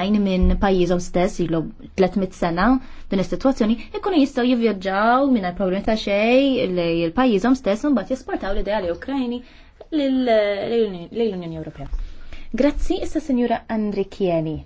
għajn minn pajjiżhom stess ilu 300 sena din is-sitwazzjoni ikunu jistgħu minna minn problemi ta' xej lejn pajjiżhom stess un bat jisportaw l li Ukrajni lill-Unjoni Ewropea. Grazzi issa Andri Kieni.